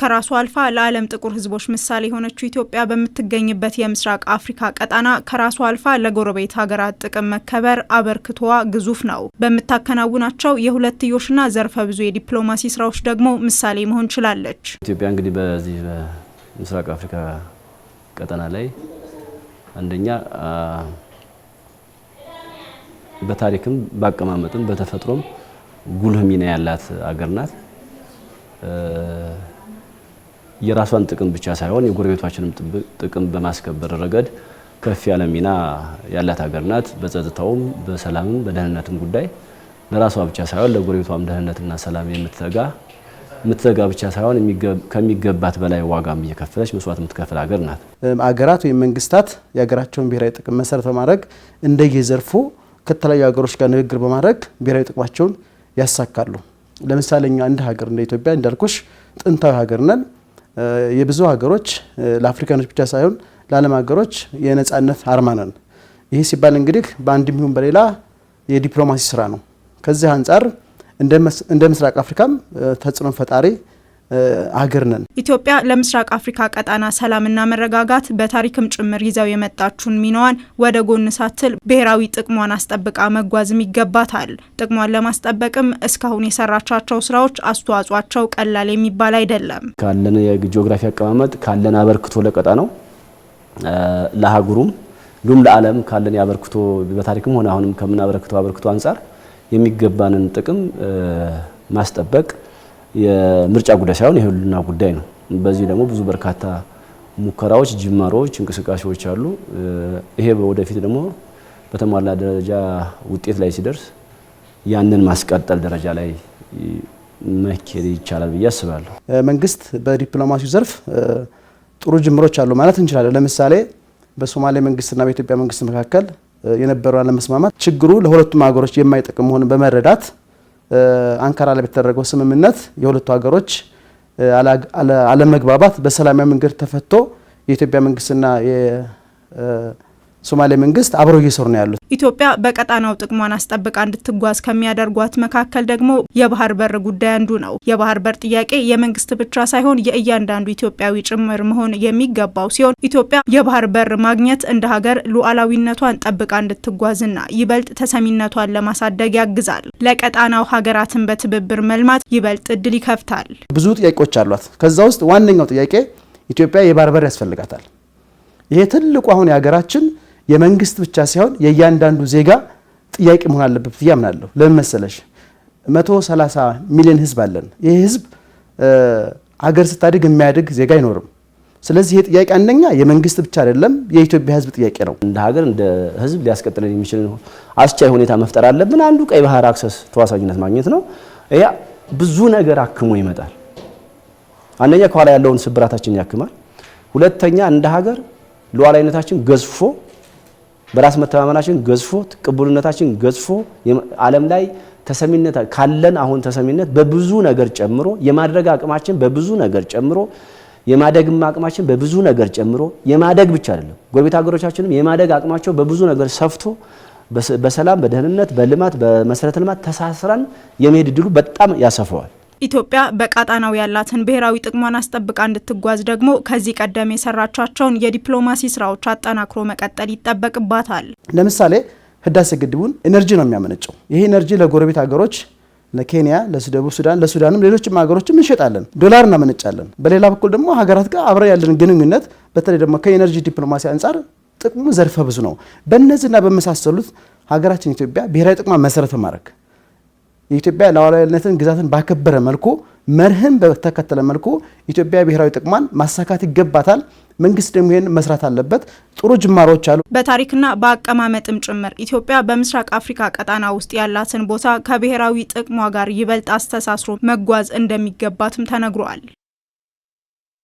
ከራሷ አልፋ ለዓለም ጥቁር ህዝቦች ምሳሌ የሆነችው ኢትዮጵያ በምትገኝበት የምስራቅ አፍሪካ ቀጠና ከራሷ አልፋ ለጎረቤት ሀገራት ጥቅም መከበር አበርክቶዋ ግዙፍ ነው። በምታከናውናቸው የሁለትዮሽና ዘርፈ ብዙ የዲፕሎማሲ ስራዎች ደግሞ ምሳሌ መሆን ችላለች። ኢትዮጵያ እንግዲህ በዚህ በምስራቅ አፍሪካ ቀጠና ላይ አንደኛ በታሪክም በአቀማመጥም በተፈጥሮም ጉልህ ሚና ያላት አገር ናት። የራሷን ጥቅም ብቻ ሳይሆን የጎረቤቶችንም ጥቅም በማስከበር ረገድ ከፍ ያለ ሚና ያላት ሀገር ናት። በጸጥታውም፣ በሰላምም በደህንነትም ጉዳይ ለራሷ ብቻ ሳይሆን ለጎረቤቷም ደህንነትና ሰላም የምትተጋ የምትዘጋ ብቻ ሳይሆን ከሚገባት በላይ ዋጋም እየከፈለች መስዋዕት የምትከፍል ሀገር ናት። አገራት ወይም መንግስታት የሀገራቸውን ብሔራዊ ጥቅም መሰረት በማድረግ እንደየዘርፉ ከተለያዩ ሀገሮች ጋር ንግግር በማድረግ ብሔራዊ ጥቅማቸውን ያሳካሉ። ለምሳሌ እኛ እንደ ሀገር እንደ ኢትዮጵያ እንዳልኩሽ ጥንታዊ ሀገር ነን። የብዙ ሀገሮች ለአፍሪካኖች ብቻ ሳይሆን ለዓለም ሀገሮች የነጻነት አርማ ነን። ይህ ሲባል እንግዲህ በአንድም ይሁን በሌላ የዲፕሎማሲ ስራ ነው። ከዚህ አንጻር እንደ ምስራቅ አፍሪካም ተጽዕኖ ፈጣሪ አገር ነን። ኢትዮጵያ ለምስራቅ አፍሪካ ቀጣና ሰላምና መረጋጋት በታሪክም ጭምር ይዘው የመጣችውን ሚናዋን ወደ ጎን ሳትል ብሔራዊ ጥቅሟን አስጠብቃ መጓዝም ይገባታል። ጥቅሟን ለማስጠበቅም እስካሁን የሰራቻቸው ስራዎች አስተዋጽኦአቸው ቀላል የሚባል አይደለም። ካለን የጂኦግራፊ አቀማመጥ ካለን አበርክቶ ለቀጣናው ለሀገሩም ሉም ለዓለም ካለን የአበርክቶ በታሪክም ሆነ አሁንም ከምናበረክተው አበርክቶ አንጻር የሚገባንን ጥቅም ማስጠበቅ የምርጫ ጉዳይ ሳይሆን የህልውና ጉዳይ ነው። በዚህ ደግሞ ብዙ በርካታ ሙከራዎች፣ ጅማሮዎች፣ እንቅስቃሴዎች አሉ። ይሄ ወደፊት ደግሞ በተሟላ ደረጃ ውጤት ላይ ሲደርስ ያንን ማስቀጠል ደረጃ ላይ መኬድ ይቻላል ብዬ አስባለሁ። መንግስት በዲፕሎማሲው ዘርፍ ጥሩ ጅምሮች አሉ ማለት እንችላለን። ለምሳሌ በሶማሌ መንግስትና በኢትዮጵያ መንግስት መካከል የነበረው አለመስማማት ችግሩ ለሁለቱም ሀገሮች የማይጠቅም መሆኑን በመረዳት አንካራ ላይ በተደረገው ስምምነት የሁለቱ ሀገሮች አለመግባባት በሰላማዊ መንገድ ተፈቶ የኢትዮጵያ መንግስትና ሶማሌ መንግስት አብረው እየሰሩ ነው ያሉት። ኢትዮጵያ በቀጣናው ጥቅሟን አስጠብቃ እንድትጓዝ ከሚያደርጓት መካከል ደግሞ የባህር በር ጉዳይ አንዱ ነው። የባህር በር ጥያቄ የመንግስት ብቻ ሳይሆን የእያንዳንዱ ኢትዮጵያዊ ጭምር መሆን የሚገባው ሲሆን ኢትዮጵያ የባህር በር ማግኘት እንደ ሀገር ሉዓላዊነቷን ጠብቃ እንድትጓዝና ይበልጥ ተሰሚነቷን ለማሳደግ ያግዛል። ለቀጣናው ሀገራትን በትብብር መልማት ይበልጥ እድል ይከፍታል። ብዙ ጥያቄዎች አሏት። ከዛ ውስጥ ዋነኛው ጥያቄ ኢትዮጵያ የባህር በር ያስፈልጋታል። ይሄ ትልቁ አሁን የሀገራችን የመንግስት ብቻ ሳይሆን የእያንዳንዱ ዜጋ ጥያቄ መሆን አለበት ብዬ አምናለሁ። ለምን መሰለሽ? 130 ሚሊዮን ህዝብ አለን። ይህ ህዝብ አገር ስታድግ የሚያድግ ዜጋ አይኖርም። ስለዚህ ይህ ጥያቄ አንደኛ የመንግስት ብቻ አይደለም፣ የኢትዮጵያ ህዝብ ጥያቄ ነው። እንደ ሀገር እንደ ህዝብ ሊያስቀጥለን የሚችል አስቻይ ሁኔታ መፍጠር አለብን። አንዱ ቀይ ባህር አክሰስ ተዋሳኝነት ማግኘት ነው። ያ ብዙ ነገር አክሞ ይመጣል። አንደኛ ከኋላ ያለውን ስብራታችን ያክማል። ሁለተኛ እንደ ሀገር ሉዓላዊነታችን ገዝፎ በራስ መተማመናችን ገዝፎ ቅቡልነታችን ገዝፎ ዓለም ላይ ተሰሚነት ካለን አሁን ተሰሚነት በብዙ ነገር ጨምሮ የማድረግ አቅማችን በብዙ ነገር ጨምሮ የማደግ አቅማችን በብዙ ነገር ጨምሮ የማደግ ብቻ አይደለም ጎረቤት ሀገሮቻችንም የማደግ አቅማቸው በብዙ ነገር ሰፍቶ በሰላም፣ በደህንነት፣ በልማት፣ በመሰረተ ልማት ተሳስረን የመሄድ እድሉ በጣም ያሰፈዋል። ኢትዮጵያ በቀጣናው ያላትን ብሔራዊ ጥቅሟን አስጠብቃ እንድትጓዝ ደግሞ ከዚህ ቀደም የሰራቻቸውን የዲፕሎማሲ ስራዎች አጠናክሮ መቀጠል ይጠበቅባታል። ለምሳሌ ህዳሴ ግድቡን ኤነርጂ ነው የሚያመነጨው። ይህ ኤነርጂ ለጎረቤት ሀገሮች ለኬንያ፣ ለደቡብ ሱዳን፣ ለሱዳንም ሌሎችም ሀገሮችም እንሸጣለን፣ ዶላር እናመነጫለን። በሌላ በኩል ደግሞ ሀገራት ጋር አብረ ያለን ግንኙነት በተለይ ደግሞ ከኤነርጂ ዲፕሎማሲ አንጻር ጥቅሙ ዘርፈ ብዙ ነው። በእነዚህና በመሳሰሉት ሀገራችን ኢትዮጵያ ብሔራዊ ጥቅሟን መሰረት ማድረግ የኢትዮጵያ ሉዓላዊነትን ግዛትን ባከበረ መልኩ መርህን በተከተለ መልኩ ኢትዮጵያ ብሔራዊ ጥቅሟን ማሳካት ይገባታል። መንግስት ደግሞ ይህን መስራት አለበት። ጥሩ ጅማሮች አሉ። በታሪክና በአቀማመጥም ጭምር ኢትዮጵያ በምስራቅ አፍሪካ ቀጣና ውስጥ ያላትን ቦታ ከብሔራዊ ጥቅሟ ጋር ይበልጥ አስተሳስሮ መጓዝ እንደሚገባትም ተነግሯል።